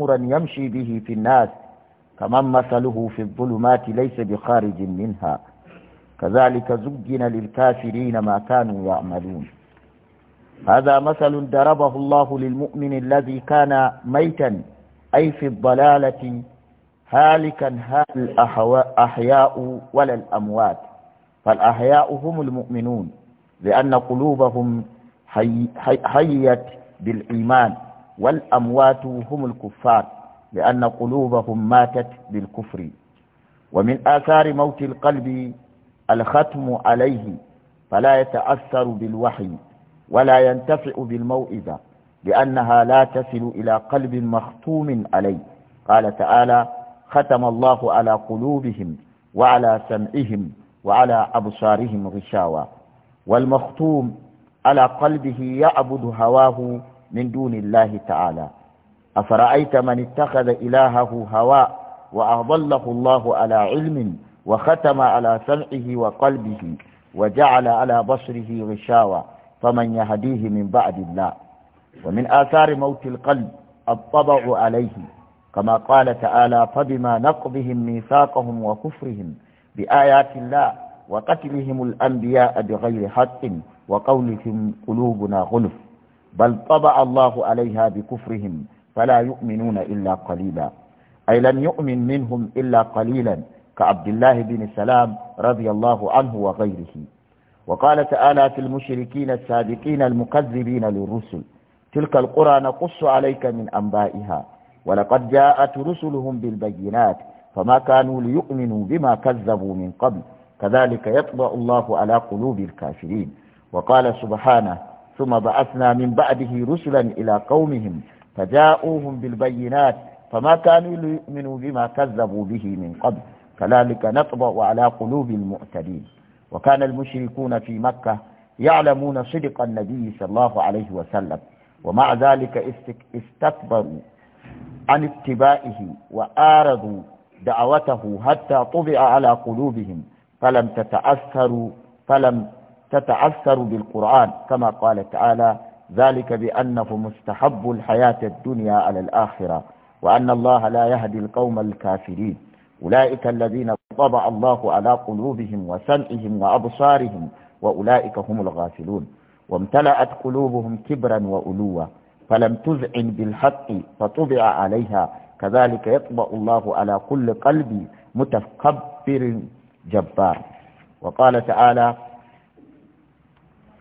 نورا يمشي به في الناس كمن مثله في الظلمات ليس بخارج منها كذلك زجن للكافرين ما كانوا يعملون هذا مثل ضربه الله للمؤمن الذي كان ميتا أي في الضلالة هالكا هال الأحياء ولا الأموات فالأحياء هم المؤمنون لأن قلوبهم حي حيت بالإيمان والأموات هم الكفار لأن قلوبهم ماتت بالكفر ومن آثار موت القلب الختم عليه فلا يتأثر بالوحي ولا ينتفع بالموئذة لأنها لا تصل إلى قلب مختوم عليه قال تعالى ختم الله على قلوبهم وعلى سمعهم وعلى أبصارهم غشاوة والمختوم على قلبه يعبد هواه من دون الله تعالى أفرأيت من اتخذ إلهه هواء وأضله الله على علم وختم على سمعه وقلبه وجعل على بصره غشاوة فمن يهديه من بعد الله ومن آثار موت القلب الطبع عليه كما قال تعالى فبما نقضهم ميثاقهم وكفرهم بآيات الله وقتلهم الأنبياء بغير حق وقولهم قلوبنا غلف بل طبع الله عليها بكفرهم فلا يؤمنون إلا قليلا أي لم يؤمن منهم إلا قليلا كعبد الله بن سلام رضي الله عنه وغيره وقال تعالى في المشركين السابقين المكذبين للرسل تلك القرى نقص عليك من أنبائها ولقد جاءت رسلهم بالبينات فما كانوا ليؤمنوا بما كذبوا من قبل كذلك يطبع الله على قلوب الكافرين وقال سبحانه ثم بعثنا من بعده رسلا إلى قومهم فجاءوهم بالبينات فما كانوا ليؤمنوا بما كذبوا به من قبل كذلك نطبع على قلوب المعتدين وكان المشركون في مكة يعلمون صدق النبي صلى الله عليه وسلم ومع ذلك استكبروا عن اتباعه وآرضوا دعوته حتى طبع على قلوبهم فلم تتأثروا فلم تتعثر بالقرآن كما قال تعالى ذلك بأنه مستحب الحياة الدنيا على الآخرة وأن الله لا يهدي القوم الكافرين أولئك الذين طبع الله على قلوبهم وسمعهم وأبصارهم وأولئك هم الغافلون وامتلأت قلوبهم كبرا وألوة فلم تذعن بالحق فطبع عليها كذلك يطبع الله على كل قلب متكبر جبار وقال تعالى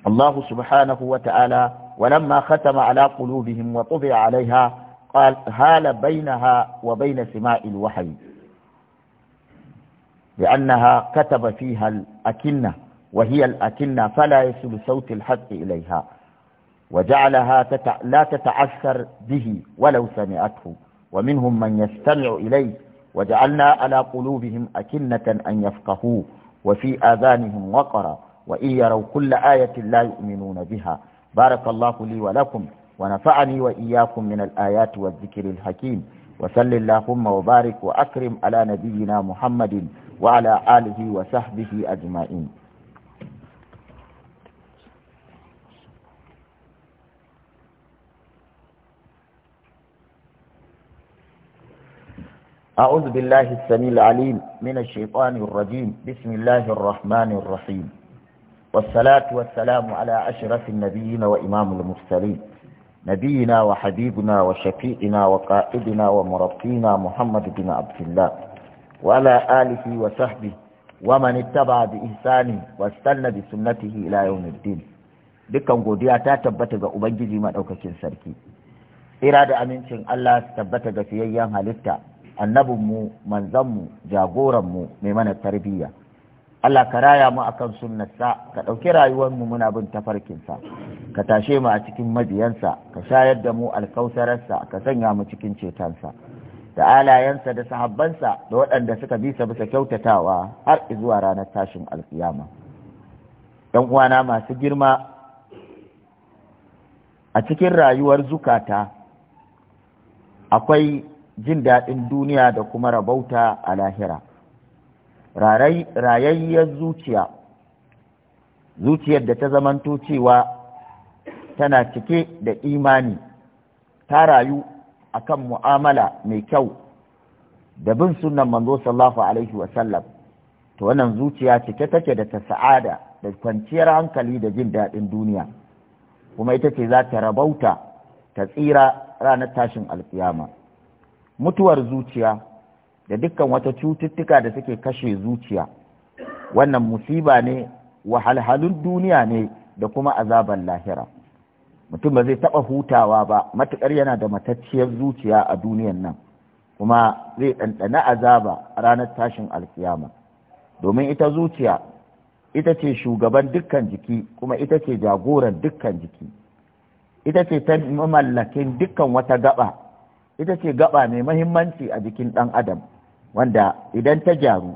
الله سبحانه وتعالى ولما ختم على قلوبهم وطبع عليها قال هال بينها وبين سماء الوحي لأنها كتب فيها الأكنة وهي الأكنة فلا يصل صوت الحق إليها وجعلها تتع... لا تتعثر به ولو سمعته ومنهم من يستمع إليه وجعلنا على قلوبهم أكنة أن يفقهوه وفي آذانهم وقرا وإن يروا كل آية لا يؤمنون بها بارك الله لي ولكم ونفعني وإياكم من الآيات والذكر الحكيم وسل اللهم وبارك وأكرم على نبينا محمد وعلى آله وصحبه أجمعين أعوذ بالله السميع العليم من الشيطان الرجيم بسم الله الرحمن الرحيم والصلاة والسلام على أشرف النبيين وإمام المرسلين نبينا وحبيبنا وشفيئنا وقائدنا ومربينا محمد بن عبد الله وعلى آله وصحبه ومن اتبع بإحسانه واستنى بسنته إلى يوم الدين dukkan قد ta tabbata من Ubangiji سركي إرادة أمين شن الله Allah su tabbata ga fiyayyen halitta, annabinmu, manzanmu, jagoranmu mai mana Allah ka raya mu a kan sunnarsa ka ɗauki rayuwar mu muna bin tafarkinsa ka tashe mu a cikin mabiyansa ka shayar da mu alkausararsa ka sanya mu cikin cetonsa da alayensa da sahabbansa da waɗanda suka bi sa bisa kyautatawa har zuwa ranar tashin alƙiyama ɗan uwana masu girma a cikin rayuwar zukata akwai jin daɗin duniya da kuma rabauta a lahira rayayyar zuciya zuciyar da ta zamanto cewa tana cike da imani ta rayu a kan mu'amala mai kyau da bin sunan manzo sallallahu alaihi wasallam to wannan zuciya cike take da ta sa'ada da kwanciyar hankali da jin daɗin duniya kuma ita ce za ta rabauta ta tsira ranar tashin alkiyama mutuwar zuciya da dukkan wata cututtuka da suke kashe zuciya wannan musiba ne wahalhalun duniya ne da kuma azaban lahira mutum ba zai taɓa hutawa ba matuƙar yana da matacciyar zuciya a duniyan nan kuma zai ɗanɗana azaba a ranar tashin alkiyama domin ita zuciya ita ce shugaban dukkan jiki kuma ita ce jagoran dukkan jiki ita ce ta mamallakin dukkan wata gaba ita ce gaba mai mahimmanci a jikin ɗan adam wanda idan ta gyaru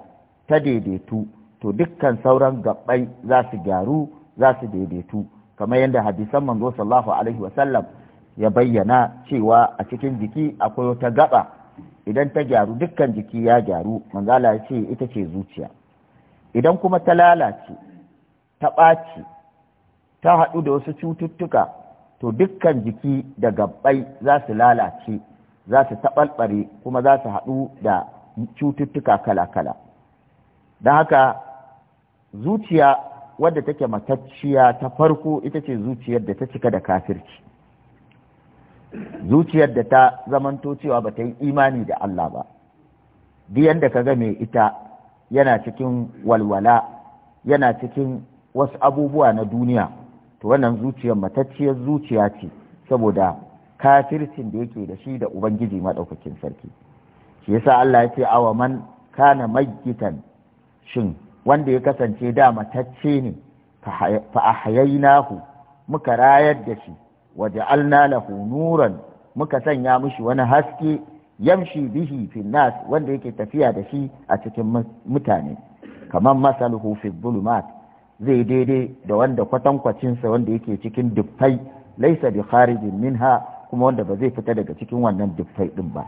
ta daidaitu to dukkan sauran gabbai za su gyaru za su daidaitu kamar yadda hadisan manzo sallallahu alaihi wasallam ya bayyana cewa a cikin jiki akwai wata gaba idan ta gyaru dukkan jiki ya gyaru manzala ya ce ita ce zuciya idan kuma ta lalace ta ɓaci ta haɗu da wasu cututtuka to dukkan jiki da gabbai za su lalace za su taɓalɓare kuma za su haɗu da cututtuka kala-kala don haka zuciya wadda take matacciya ta farko ita ce zuciyar da ta cika da kafirci zuciyar da ta zamanto cewa ba ta yi imani da Allah ba biyan da ka game ita yana cikin walwala yana cikin wasu abubuwa na duniya to wannan zuciyar matacciyar zuciya ce saboda kafircin da yake da shi da ubangiji maɗaukakin sarki shi yasa Allah ya ce awa man kana mayyitan shin wanda ya kasance da matacce ne fa ahyaynahu muka rayar da shi wa ja'alna lahu nuran muka sanya mishi wani haske yamshi bihi fil nas wanda yake tafiya da shi a cikin mutane kamar masaluhu fi zulumat zai daidai da wanda kwatankwacin sa wanda yake cikin dubbai laisa bi kharijin minha kuma wanda ba zai fita daga cikin wannan dubbai din ba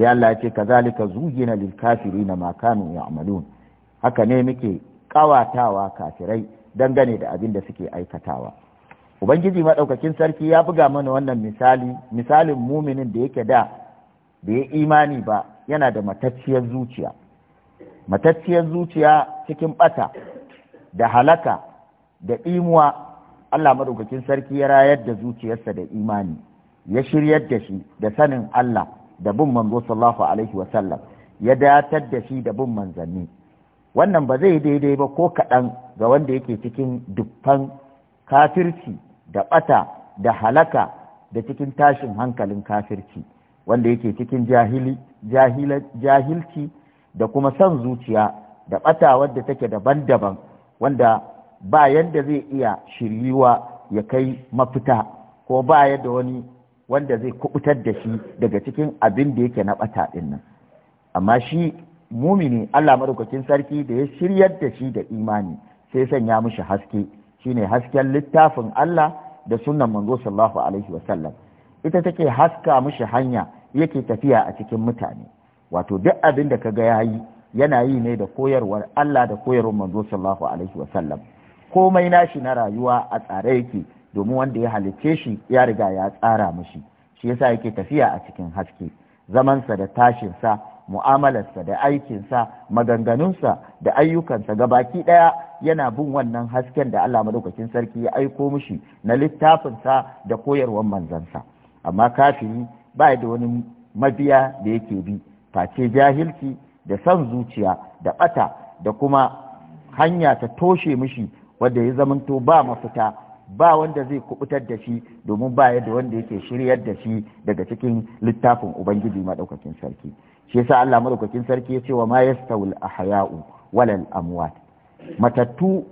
sai Allah ya ce zalika zugina lil kafirina ma kanu ya'malun haka ne muke kawatawa kafirai dangane da abin da suke aikatawa ubangiji madaukakin sarki ya buga mana wannan misali misalin muminin da yake da bai ya imani ba yana da matacciyar zuciya matacciyar zuciya cikin bata da halaka da imuwa Allah maɗaukakin sarki ya rayar da zuciyarsa da imani ya shiryar da shi da sanin Allah da bin manzo sallallahu alaihi wa sallam ya datar da shi da bin manzanni wannan ba zai daidai ba ko kaɗan ga wanda yake cikin dubban kafirci da ɓata da halaka da cikin tashin hankalin kafirci wanda yake cikin jahili jahilci da kuma son zuciya da ɓata wadda take daban-daban wanda ba yadda zai iya shiryuwa ya kai mafita ko ba yadda wani wanda zai kubutar da shi daga cikin abin da yake na bata din nan amma shi mumini Allah madaukakin sarki da ya shiryar da shi da imani sai sanya mishi haske shine hasken littafin Allah da sunnan manzo sallallahu alaihi wasallam ita take haska mishi hanya yake tafiya a cikin mutane wato duk abin da kaga yayi yana yi ne da koyarwar Allah da koyarwar manzo sallallahu alaihi wasallam komai nashi na rayuwa a tsare yake domin wanda ya halicce shi ya riga ya tsara mishi shi yasa yake tafiya a cikin haske zamansa da tashinsa mu'amalarsa da aikinsa maganganunsa da ayyukansa ga baki ɗaya yana bin wannan hasken da Allah madaukakin sarki ya aiko mushi na littafinsa da koyarwar manzansa amma kafiri ba da wani mabiya da yake bi face jahilci da son zuciya da ɓata da kuma hanya ta toshe mishi wadda ya zamanto ba mafita ba wanda zai kubutar da shi domin ba yadda wanda yake shiryar da shi daga cikin littafin ubangiji madaukakin sarki shi yasa Allah madaukakin sarki ya ce wa ma yastawil ahya'u walal amwat matattu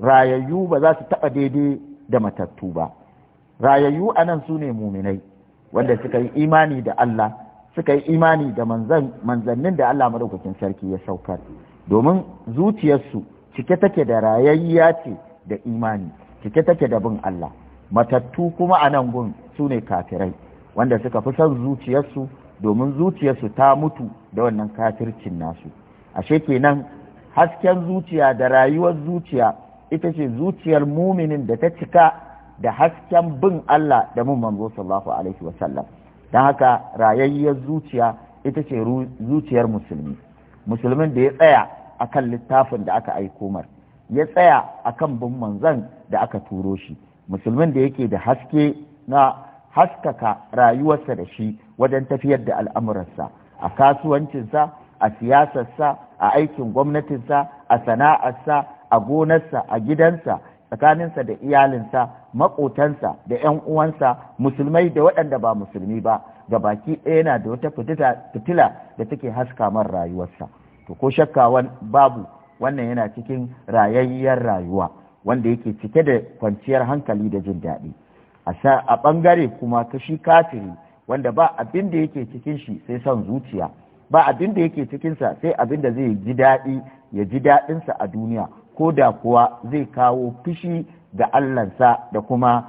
rayayyu ba za su taba daidai da matattu ba rayayyu anan su ne muminai wanda suka yi imani da Allah suka yi imani da manzan manzannin da Allah madaukakin sarki ya saukar domin zuciyarsu cike take da rayayya ce da imani cike take da bin Allah matattu kuma a nan gun su ne kafirai wanda suka fi son zuciyarsu domin zuciyarsu ta mutu da wannan kafircin nasu ashe kenan hasken zuciya da rayuwar zuciya ita ce zuciyar muminin da ta cika da hasken bin Allah da mun manzo sallallahu alaihi sallam dan haka rayayyar zuciya ita ce zuciyar musulmi musulmin da ya tsaya akan littafin da aka aiko mar ya tsaya a kan bin manzan da aka turo shi musulmin da yake da haske na haskaka rayuwarsa da shi wajen tafiyar da al'amuransa a kasuwancinsa a siyasarsa a aikin gwamnatinsa a sana'arsa a gonarsa a gidansa tsakaninsa da iyalinsa maƙotansa da 'yan uwansa musulmai da waɗanda ba musulmi ba ga baki ɗaya yana da wata fitila da take haska man rayuwarsa to ko shakka babu wannan yana cikin rayayyar rayuwa wanda yake cike da kwanciyar hankali da jin daɗi a ɓangare kuma ta shi kafiri wanda ba abin da yake cikin shi sai son zuciya ba abin da yake cikinsa sai abin da zai ji daɗi ya ji daɗinsa a duniya ko da kuwa zai kawo fushi ga allansa da kuma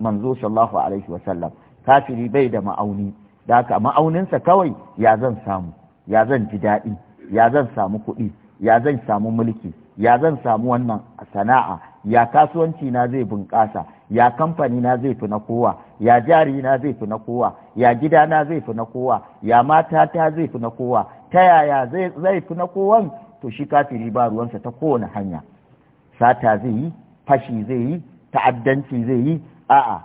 manzo sallallahu alaihi wasallam kafiri bai da ma'auni da haka ma'auninsa kawai ya zan samu ya zan ji daɗi ya zan samu kuɗi ya zan samu mulki ya zan samu wannan sana'a ya kasuwanci na zai bunƙasa ya kamfani na zai fi na kowa ya jari na zai fi na kowa ya gida na zai fi na kowa ya mata ta zai fi na kowa ta yaya zai fi na kowan to shi kafiri ba ruwansa ta kowane hanya sata zai yi fashi zai yi ta'addanci zai yi a'a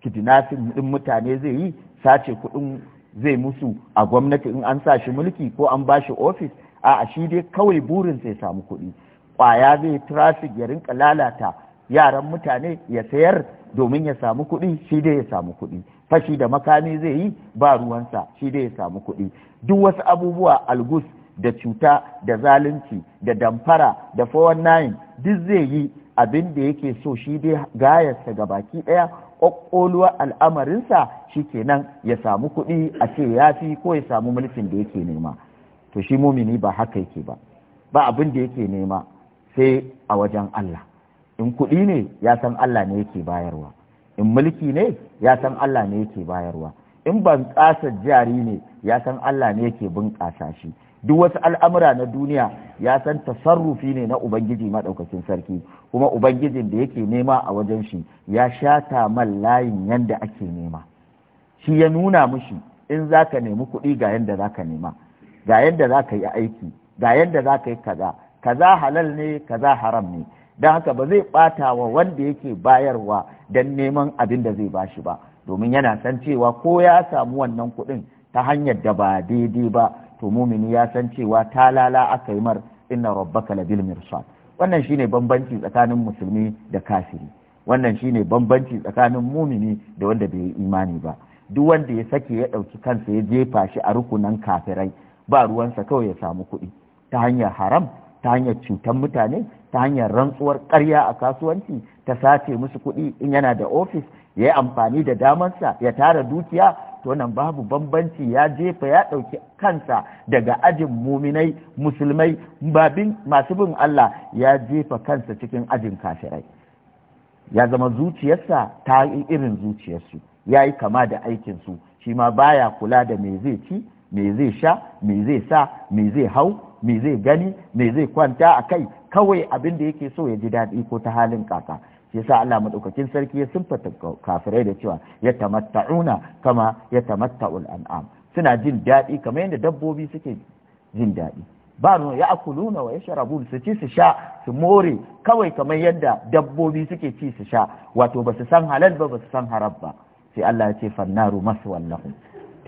kidnapping din mutane zai yi sace kuɗin zai musu a gwamnati in an sa shi mulki ko an ba shi ofis a'a shi dai kawai burinsa ya samu kuɗi ƙwaya zai trafik ya rinka lalata yaran mutane ya sayar domin ya samu kuɗi shi dai ya samu kuɗi fashi da makami zai yi ba ruwansa shi dai ya samu kuɗi duk wasu abubuwa algus da cuta da zalunci da damfara da 419 duk zai yi abin da yake so shi dai gayarsa ga baki ɗaya ƙwaƙƙoluwar al'amarinsa shi kenan ya samu kuɗi a ce ya fi ko ya samu mulkin da yake nema to shi mumini ba haka yake ba ba abin da yake nema sai a wajen Allah in kuɗi ne ya san Allah ne yake bayarwa in mulki ne ya san Allah ne yake bayarwa in ban ƙasa jari ne ya san Allah ne yake bunƙasa shi duk wasu al'amura na duniya ya san tasarrufi ne na Ubangiji maɗaukakin sarki kuma Ubangijin da yake nema a wajen shi ya shata man layin yanda ake nema shi ya nuna mushi in zaka nemi kuɗi ga yanda zaka nema ga yadda za ka yi aiki ga yadda za ka yi kaza kaza halal ne kaza haram ne don haka ba zai ɓata wa wanda yake bayarwa don neman abin da zai bashi ba domin yana san cewa ko ya samu wannan kuɗin ta hanyar da ba daidai ba to mumini ya san cewa ta lala aka yi mar inna rabbaka bil mirsad wannan shine bambanci tsakanin musulmi da kafiri wannan shine bambanci tsakanin mumini da wanda bai yi imani ba duk wanda ya sake ya ɗauki kansa ya jefa shi a rukunan kafirai ba ruwansa kawai ya samu kuɗi ta hanyar haram ta hanyar cutar mutane ta hanyar rantsuwar ƙarya a kasuwanci ta sace musu kuɗi in yana da ofis ya yi amfani da damarsa ya tara dukiya to nan babu bambanci ya jefa ya ɗauki kansa daga ajin muminai musulmai babin masu bin Allah ya jefa kansa cikin ajin kafirai ya zama zuciyarsa ta irin zuciyarsu ya yi kama da aikinsu shi ma baya kula da me zai ci me zai sha me zai sa me zai hau me zai gani me zai kwanta a kai kawai abin da yake so ya ji daɗi ko ta halin kaka shi sa Allah madaukakin sarki ya sunfata kafirai da cewa ya tamatta'una kama ya tamatta'ul an'am suna jin daɗi kamar yadda dabbobi suke jin daɗi ba no ya akuluna wa yashrabu su ci su sha su more kawai kamar yadda dabbobi suke ci su sha wato ba su san halal ba ba su san haram ba sai Allah ya ce fannaru maswallahum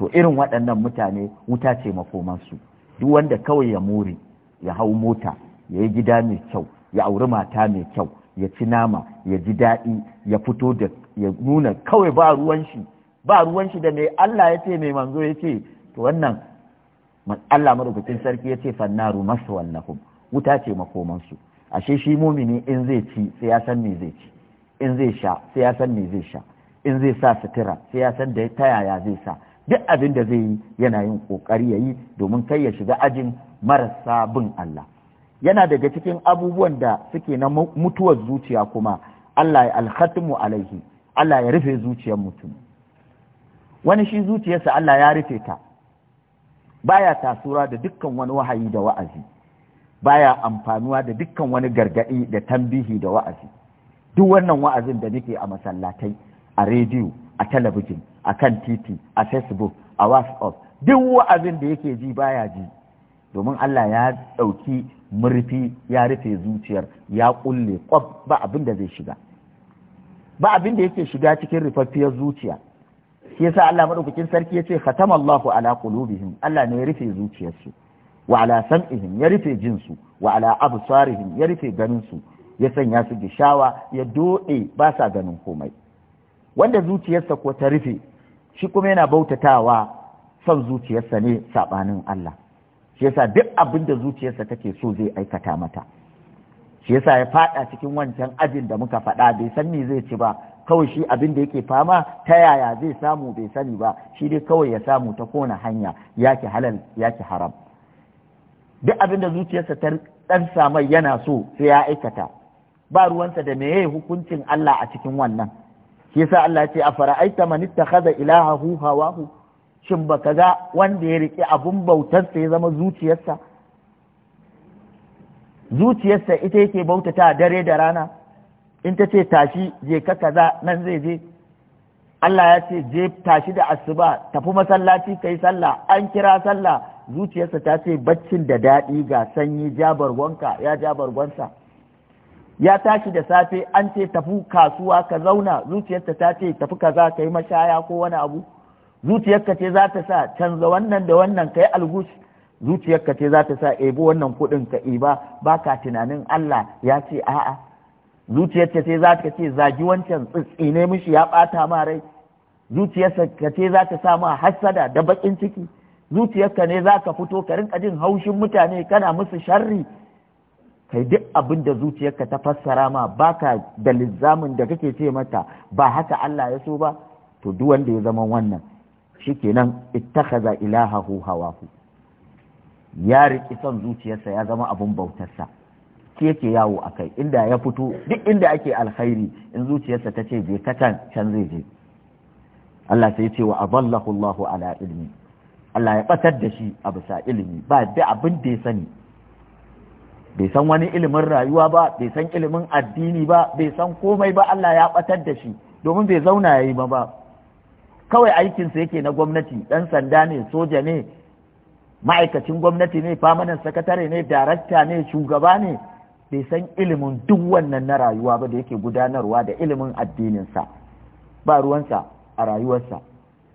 to irin waɗannan mutane wuta ce makomansu duk wanda kawai ya more ya hau mota ya yi gida mai kyau ya auri mata mai kyau ya ci nama ya ji daɗi ya fito da ya nuna kawai ba ruwan shi ba ruwan shi da mai Allah ya ce mai manzo ya ce to wannan Allah madaukakin sarki ya ce fannaru maswan lahum wuta ce makomansu ashe shi mumini in zai ci sai ya san me zai ci in zai sha sai ya san me zai sha in zai sa sutura sai ya san da ta yaya zai sa duk abin da zai yi yana yin ƙoƙari ya yi domin kai ya shiga ajin marasa bin Allah yana daga cikin abubuwan da suke na mutuwar zuciya kuma Allah ya alhatmu alaihi Allah ya rufe zuciyar mutum wani shi zuciyarsa Allah ya rufe ta baya tasura da dukkan wani wahayi da wa'azi baya amfanuwa da dukkan wani gargaɗi da tambihi da wa'azi duk wannan wa'azin da nake a masallatai a rediyo a talabijin a kan titi a facebook a whatsapp duk wa'azin da yake ji baya ji domin Allah ya ɗauki murfi ya rufe zuciyar ya kulle kwab ba abin da zai shiga ba abin da yake shiga cikin rufaffiyar zuciya shi yasa Allah madaukakin sarki yace khatama Allahu ala qulubihim Allah ne ya rufe zuciyarsu wa ala sam'ihim ya rufe jinsu wa ala absarihim ya rufe ganin su ya sanya su gishawa ya doɗe ba sa ganin komai wanda zuciyarsa ko ta rufe shi kuma yana bautatawa son zuciyarsa ne saɓanin Allah shi yasa duk abin da zuciyarsa take so zai aikata mata shi yasa ya faɗa cikin wancan ajin da muka faɗa bai san me zai ci ba kawai shi abin da yake fama ta yaya zai samu bai sani ba shi dai kawai ya samu ta kona hanya yake halal yake haram duk abin da zuciyarsa ta ɗan samai yana so sai ya aikata ba ruwansa da meye hukuncin Allah a cikin wannan shi yasa Allah ce a fara'aita man ittakhadha ilahahu hawahu shin baka ga wanda ya rike abun bautarsa ya zama zuciyarsa zuciyarsa ita yake bautata dare da rana in ta ce tashi je ka kaza nan zai je Allah ya ce je tashi da asuba tafi masallaci kai sallah an kira sallah zuciyarsa ta ce baccin da daɗi ga sanyi jabar wanka ya jabar gwansa ya tashi da safe an ce tafi kasuwa ka zauna zuciyarta ta ce tafi kaza ka yi mashaya ko wani abu zuciyarka ce za ta sa canza wannan da wannan ka yi algus zuciyarka ce za ta sa ebi wannan kuɗin ka iba ba ka tunanin Allah ya ce a'a zuciyarta ce za ta ce zagi wancan tsine mishi ya ɓata ma rai zuciyarka ce za ta sa ma hassada da baƙin ciki zuciyarka ne za ka fito ka rinka jin haushin mutane kana musu sharri kai duk abin da zuciyarka ta fassara ma baka da lizamin da kake ce mata ba haka Allah ya so ba to duk wanda ya zama wannan shi kenan ittakhadha ilahahu hawahu ya riƙi son zuciyarsa ya zama abin bautarsa ke yake yawo a kai inda ya fito duk inda ake alkhairi in zuciyarsa ta ce je katan can zai je Allah sai ya ce wa aballahu Allahu ala ilmi Allah ya batar da shi a bisa ilimi ba da abin da ya sani bai san wani ilimin rayuwa ba bai san ilimin addini ba bai san komai ba Allah ya batar da shi domin bai zauna yayi ba ba kawai aikinsa yake na gwamnati dan sanda ne soja ne ma'aikacin gwamnati ne famanan sakatare ne darakta ne shugaba ne bai san ilimin duk wannan na rayuwa ba da yake gudanarwa da ilimin addininsa ba ruwansa a rayuwarsa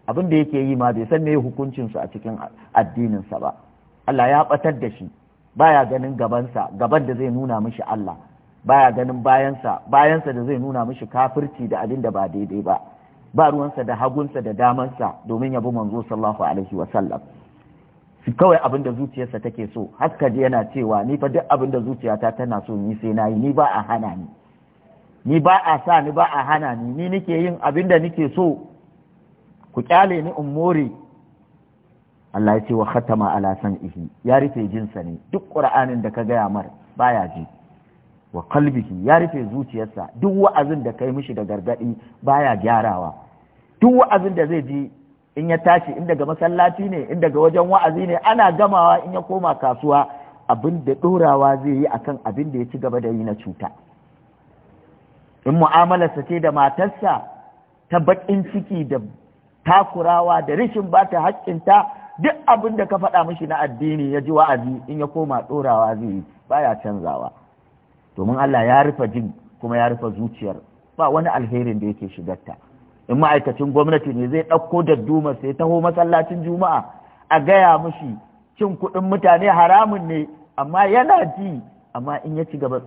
abin da yake yi ma bai san me hukuncinsu a cikin addininsa ba Allah ya batar da shi baya ganin gabansa gaban da zai nuna mishi Allah baya ganin bayansa bayansa da zai nuna mishi kafirci da abin da ba daidai ba ba ruwansa da hagunsa da damansa domin ya bi manzo sallallahu alaihi wa sallam kawai abin da zuciyarsa take so haka ji yana cewa ni fa duk abin da zuciyata tana so ni sai nayi ni ba a hana ni ni ba a sa ni ba a hana ni ni nake yin abin da nake so ku kyale ni in more Allah ya ce wa khatama ala sam'ihi ya rufe jinsa ne duk qur'anin da ka gaya mar baya ji wa qalbihi ya rufe zuciyarsa duk wa'azin da kai mishi da gargadi baya gyarawa duk wa'azin da zai ji in ya tashi in daga masallaci ne in daga wajen wa'azi ne ana gamawa in ya koma kasuwa abin da dorawa zai yi akan abin da ya ci gaba da yi na cuta in mu'amalarsa ce da matarsa ta baƙin ciki da takurawa da rishin ba ta haƙƙinta duk abin da ka faɗa mishi na addini ya ji wa'azi in ya koma ɗorawa zai yi, baya canzawa domin Allah ya rufe jin kuma ya rufe zuciyar ba wani alherin da yake shigarta in ma'aikacin gwamnati ne zai ɗauko da duma sai taho masallacin juma'a a gaya mishi cin kuɗin mutane haramun ne amma yana ji amma in ya ci gaba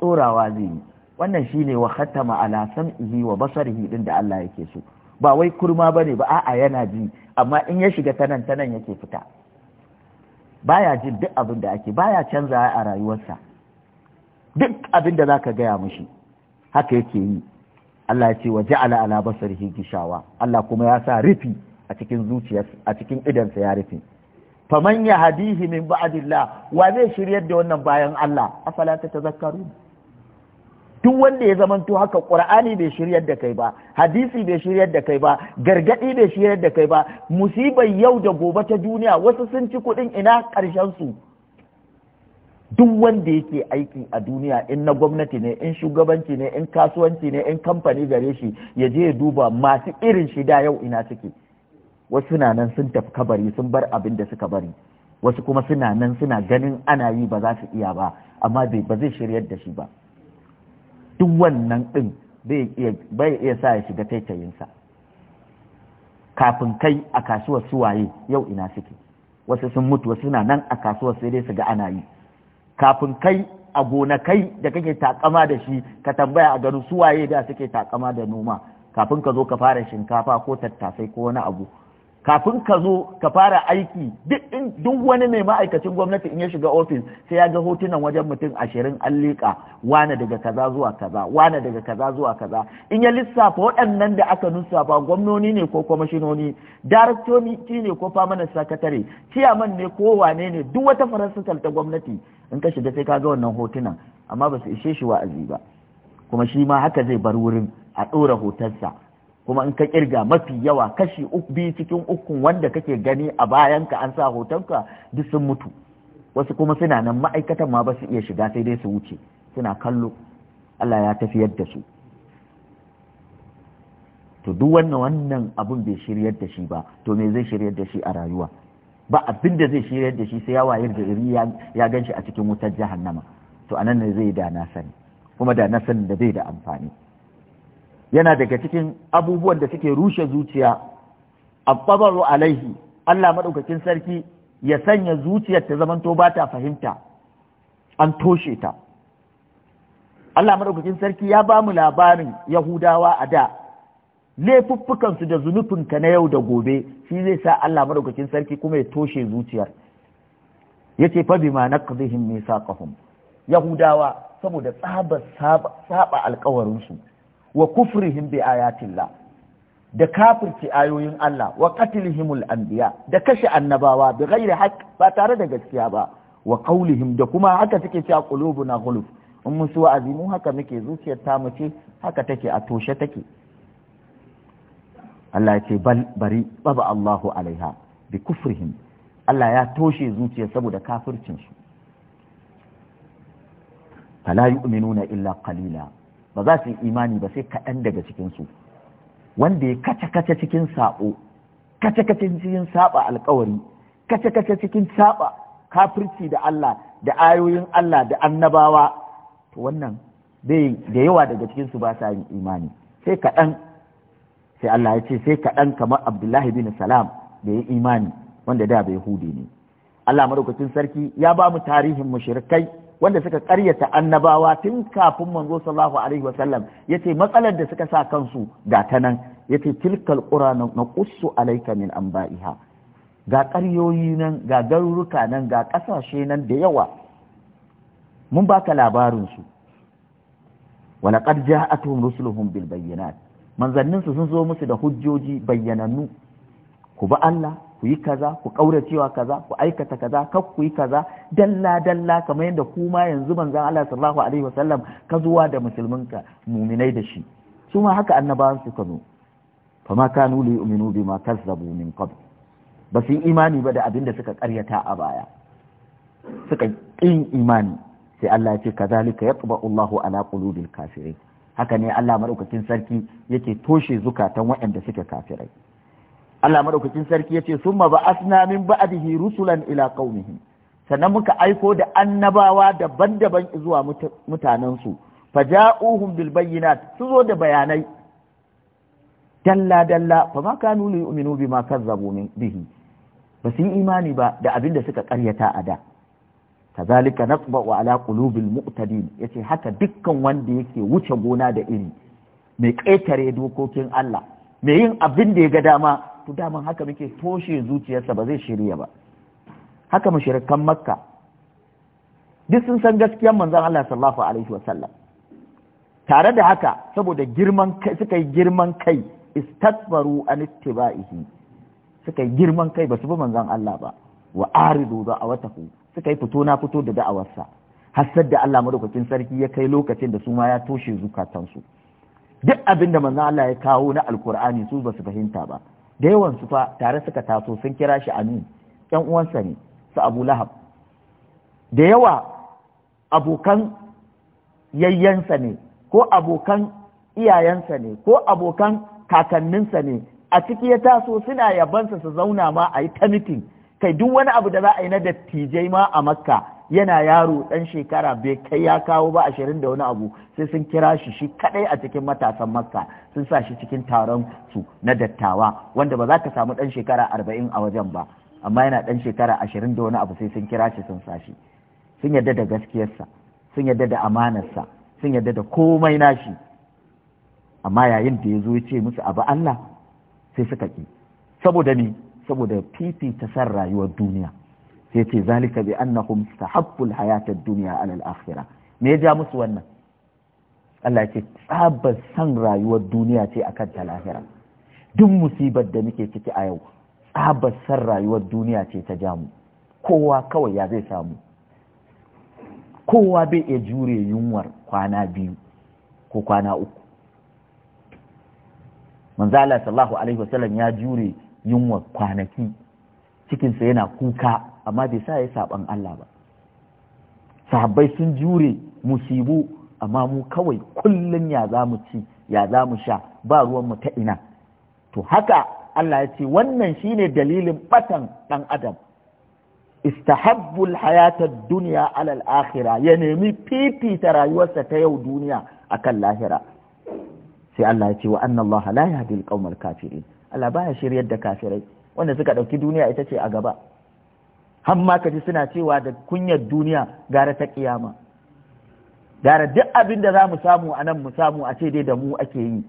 ɗorawa zai yi wannan shi ne wa khatama ala sam'ihi wa basarihi ɗin da Allah yake so ba wai kurma ba ne ba a'a yana ji amma in ya shiga tanan tanan yake fita baya jin duk abin da ake baya canza a rayuwarsa duk abin da zaka gaya mushi haka yake yi Allah ya ce wa ja'ala ala basarihi gishawa Allah kuma ya sa rufi a cikin zuciyarsa a cikin idansa ya rufi faman yahdihi min ba'dillah wa zai shiryar da wannan bayan Allah afala zakaru. duk wanda ya zamanto haka qur'ani bai shiryar da kai ba hadisi bai shiryar da kai ba Gargaɗi bai shiryar da kai ba musibar yau da gobe ta duniya wasu sun ci kuɗin ina ƙarshen su duk wanda yake aiki a duniya in na gwamnati ne in shugabanci ne in kasuwanci ne in kamfani gare shi ya je ya duba masu irin shida yau ina suke wasu na nan sun tafi kabari sun bar abin da suka bari wasu kuma suna nan suna ganin ana yi ba za su iya ba amma ba zai shiryar da shi ba duk wannan ɗin bai iya sa ya shiga taitayinsa kafin kai a kasuwar suwaye yau ina suke wasu sun mutu wasu suna nan a kasuwar sai dai su ga ana yi kafin kai a gona kai da kake takama da shi ka tambaya a garin suwaye da suke takama da noma kafin ka zo ka fara shinkafa ko tattasai ko wani abu kafin ka zo ka fara aiki duk wani mai ma'aikacin gwamnati in ya shiga ofis sai ya ga hotunan wajen mutum ashirin an leƙa wane daga kaza zuwa kaza wane daga kaza zuwa kaza in ya lissafa waɗannan da aka lissafa gwamnoni ne ko kwamashinoni daraktoci ne ko famana sakatare ciyaman ne ko wane ne duk wata faransakar ta gwamnati in ka shiga sai ka ga wannan hotunan amma ba su ishe shi wa'azi ba kuma shi ma haka zai bar wurin a ɗora hotonsa kuma in ka kirga mafi yawa kashi uku biyu cikin ukun wanda kake gani a bayanka an sa hotonka duk sun mutu wasu kuma suna nan ma'aikatan ma ba su iya shiga sai dai su wuce suna kallo Allah ya tafiyar da su to duk wannan wannan abun bai shiryar da shi ba to me zai shiryar da shi a rayuwa ba abin da zai shiryar da shi sai ya wayar da iri ya gan shi a cikin wutar jahannama to anan ne zai da na sani kuma da na sani da zai da amfani yana daga cikin abubuwan da suke rushe zuciya abbabaru alaihi Allah maɗaukakin sarki ya sanya zuciyar ta zamanto ba ta fahimta an toshe ta Allah madaukakin sarki ya ba mu labarin Yahudawa a da laifuffukansu da zunufinka na yau da gobe shi zai sa Allah madaukakin sarki kuma ya toshe zuciyar yace fa bima naqdihim misaqahum Yahudawa saboda tsaba saba alkawarinsu su wa kufrihim bi ayatillah da kafirci ayoyin Allah wa qatlihimul anbiya da kashe annabawa bi ghairi haqq ba tare da gaskiya ba wa qaulihim da kuma haka take cewa qulubuna ghuluf in mun su azimu haka muke zuciyar ta mu ce haka take a toshe take Allah ya ce bal bari baba Allahu alaiha bi kufrihim Allah ya toshe zuciyar saboda kafircin su fala yu'minuna illa qalila ba za su yi imani ba sai kaɗan daga cikinsu wanda ya kace-kace cikin saƙo, kace-kace cikin saba alkawari kace-kace cikin saɓa kafirci da Allah da ayoyin Allah da annabawa to wannan bai da yawa daga cikinsu ba sa yin imani sai kaɗan sai Allah ya ce sai kaɗan kamar Abdullahi bin Salam da ya imani wanda da bai hude ne Allah madaukakin sarki ya ba mu tarihin mushrikai wanda suka karyata annabawa tun kafin manzo sallallahu alaihi wasallam yace matsalar da suka sa kansu ga ta nan yace tilkal qura naqussu alayka min anba'iha ga karyoyi nan ga garuruka nan ga ƙasashe nan da yawa mun baka labarin su wala qad ja'atuhum rusuluhum bil bayyinat manzannin su sun zo musu da hujjoji bayyanannu ku ba Allah ku yi kaza ku cewa kaza ku aikata kaza kar ku yi kaza dalla dalla kamar yadda ku ma yanzu manzon Allah sallallahu alaihi wasallam ka zuwa da musulminka muminai da shi su ma haka annabawan suka zo fama kanu li yu'minu bima kazzabu min qabl ba su yi imani ba da abin da suka karyata a baya suka kin imani sai Allah ya ce kazalika yatba'u Allahu ala qulubil kafirin haka ne Allah madaukakin sarki yake toshe zukatan waɗanda suke kafirai Allah madaukakin sarki yace summa ba'athna min ba'dihi rusulan ila qaumihim sannan muka aiko da annabawa daban-daban zuwa mutanensu faja'uhum bil bayyinat su zo da bayanai dalla dalla fa ma kanu yu'minu bima kazzabu min bihi ba su yi imani ba da abin da suka karyata a da kazalika wa ala qulubil mu'tadin yace haka dukkan wanda yake wuce gona da iri mai ƙetare dokokin Allah mai yin abin da ya ga dama to daman haka muke toshe zuciyarsa ba zai shirya ba haka mushrikan makka duk sun san gaskiyar manzon Allah sallallahu alaihi wa sallam. tare da haka saboda girman kai suka yi girman kai istakbaru an ittiba'ihi suka yi girman kai ba su bi manzon Allah ba wa aridu awatahu suka yi fito na fito da da'awarsa hassad da Allah madaukakin sarki ya kai lokacin da su ma ya toshe zukatansu duk abin da manzon Allah ya kawo na alkur'ani su ba su fahimta ba da yawan su fa tare suka taso sun kira shi anu ƴan uwansa ne su abu lahab da yawa abokan yayyansa ne ko abokan iyayensa ne ko abokan kakanninsa ne a ciki ya taso suna yabansa su zauna ma a yi ta kai duk wani abu da za a yi na dattijai ma a makka yana yaro ɗan shekara bai kai ya kawo ba ashirin da wani abu sai sun kira shi shi kaɗai a cikin matasan makka sun sa shi cikin taron su na dattawa wanda ba za ka samu ɗan shekara arba'in a wajen ba amma yana ɗan shekara ashirin da wani abu sai sun kira shi sun sa shi sun yarda da gaskiyarsa sun yarda da amanarsa sun yarda da komai nashi amma yayin da ya zo ya ce musu abu Allah sai suka ƙi saboda ni saboda fifita san rayuwar duniya sai ce zalika bi annahum istahabbul hayatad dunya ala al-akhirah me ya ja musu wannan Allah ya ce tsabar san rayuwar duniya ce akan ta lahira duk musibar da muke ciki a yau tsabar san rayuwar duniya ce ta jamu kowa kawai ya zai samu kowa bai iya jure yunwar kwana biyu ko kwana uku manzala sallallahu alaihi wasallam ya jure yunwar kwanaki cikinsa yana kuka amma bai sa ya saban Allah ba sahabbai sun jure musibu amma mu kawai kullum ya za mu ci ya za mu sha ba ruwanmu ta ina to haka Allah ya ce wannan shine dalilin batan ɗan adam istahabbul hayatar duniya alal akhira ya nemi fifita rayuwarsa ta yau duniya akan lahira sai Allah ya ce wa anna Allah la yahdi al kafirin Allah baya shiryar da kafirai wanda suka ɗauki duniya ita ce a gaba Hamma ma ka ji suna cewa da kunyar duniya gara ta kiyama gara duk abin da za samu a nan mu samu a ce dai da mu ake yi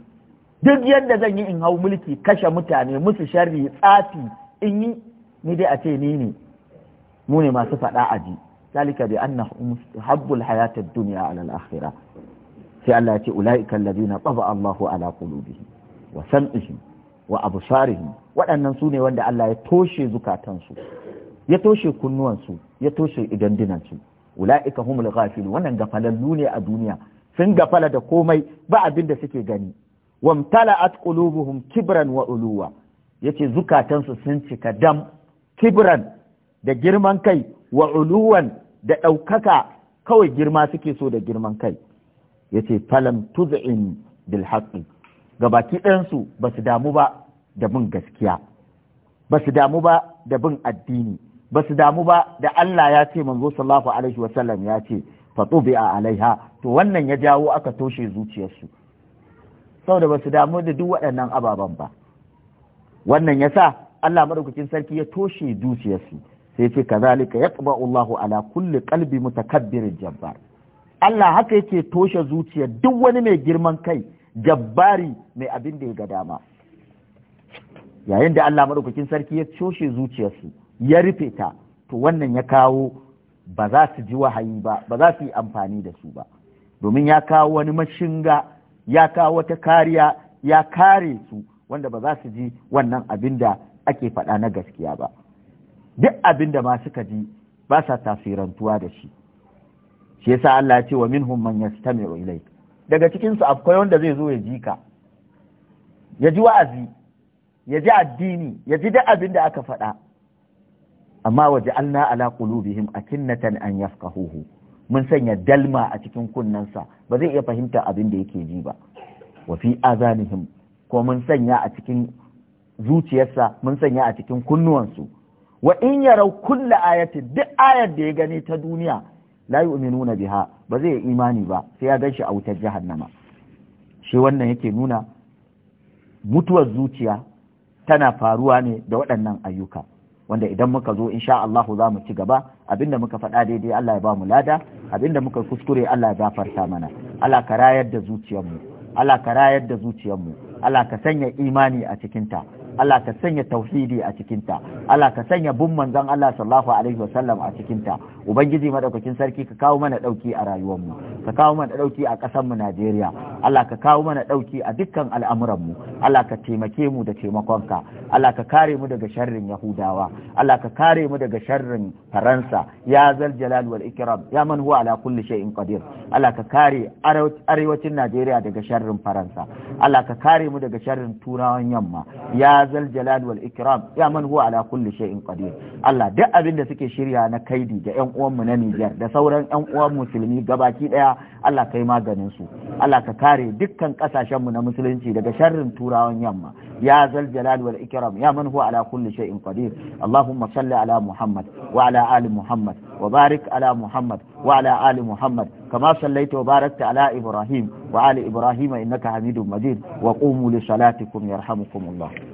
duk yadda zan yi in hau mulki kashe mutane musu sharri tsafi in yi ni dai a ce ni ne mu ne masu faɗa a ji zalika bi anna habbul hayatad duniya ala al sai Allah ya ce ulaika alladhina taba Allahu ala qulubihim wa sam'ihim wa absarihim waɗannan sune wanda Allah ya toshe zukatansu ya toshe kunnuwansu ya toshe idan dinansu ula'ika humul ghafilun wannan gafalallu ne a duniya sun gafala da komai ba abin da suke gani wamtala'at qulubuhum kibran wa uluwa yace zukatansu sun cika dam kibran da girman kai wa uluwan da ɗaukaka kawai girma suke so da girman kai yace falam tuz'in bil haqqi gabaki ɗansu ba su damu ba da bin gaskiya ba su damu ba da bin addini ba su damu ba da Allah ya ce manzo sallallahu alaihi wa sallam ya ce fa a alaiha to wannan ya jawo aka toshe zuciyarsu saboda ba su damu da duk waɗannan ababen ba wannan yasa Allah madaukakin sarki ya toshe zuciyarsu sai ce kazalika yaqba Allahu ala kulli qalbi mutakabbirin jabbar Allah haka yake toshe zuciyar duk wani mai girman kai jabbari mai abin da ya ga dama yayin da Allah madaukakin sarki ya toshe zuciyarsu ya rufe ta to wannan ya kawo ba za su ji wahayi ba ba za su yi amfani da su ba domin ya kawo wani mashinga ya kawo wata kariya ya kare su wanda ba za su ji wannan abin da ake faɗa na gaskiya ba duk abin da ma suka ji ba sa tasirantuwa da shi shi yasa Allah ya ce wa minhum man yastami'u ilayk daga cikin su akwai wanda zai zo ya ji ka ya ji wa'azi ya ji addini ya ji duk abin da aka faɗa amma waje alna ala qulubihim akinnatan an yafqahuhu mun sanya dalma a cikin kunnansa. ba zai iya fahimta abin da yake ji ba wa fi azanihim ko mun sanya a cikin zuciyarsa mun sanya a cikin kunnuwansu wa in yarau kulla ayati duk ayar da ya gani ta duniya la yu'minuna biha ba zai imani ba sai ya gan shi a wutar jahannama shi wannan yake nuna mutuwar zuciya tana faruwa ne da waɗannan ayyuka wanda idan muka zo insha Allahu za mu ci gaba abinda muka faɗa daidai Allah ya ba mu lada abinda muka kuskure Allah ya gafarta mana Allah ka rayar da zuciyarmu Allah ka rayar da zuciyarmu Allah ka sanya imani a cikinta Allah ka sanya tauhidi a cikinta Allah ka sanya bin manzon Allah sallallahu alaihi wasallam a cikinta ubangiji madaukakin sarki ka kawo mana dauki a rayuwar mu. ka kawo mana dauki a ƙasar mu Najeriya Allah ka kawo mana dauki a dukkan al'amuran mu Allah ka taimake mu da taimakonka Allah ka kare mu daga sharrin Yahudawa Allah ka kare mu daga sharrin Faransa ya zal jalal wal ikram ya man huwa ala kulli shay'in qadir Allah ka kare arewacin Najeriya daga sharrin Faransa Allah ka kare mu daga sharrin turawan yamma ya zal jalal wal ikram ya man huwa ala kulli shay'in qadir Allah duk abin da suke shirya na kaidi ga ƴan uwanmu na Niger da sauran ƴan uwan musulmi gabaki daya Allah kai maganin su Allah ka kare dukkan kasashen mu na musulunci daga sharrin turawan yamma ya zal jalal wal ikram ya man huwa ala kulli shay'in qadir Allahumma salli ala Muhammad wa ala ali Muhammad wa barik ala Muhammad wa ala ali Muhammad كما صليت وباركت على إبراهيم وعلى إبراهيم إنك حميد مجيد وقوموا لصلاتكم يرحمكم الله